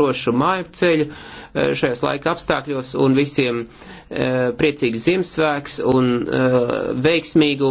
drošu māju ceļu e, šajos laika apstākļos un visiem e, priecīgs Ziemassvēks un e, veiksmīgu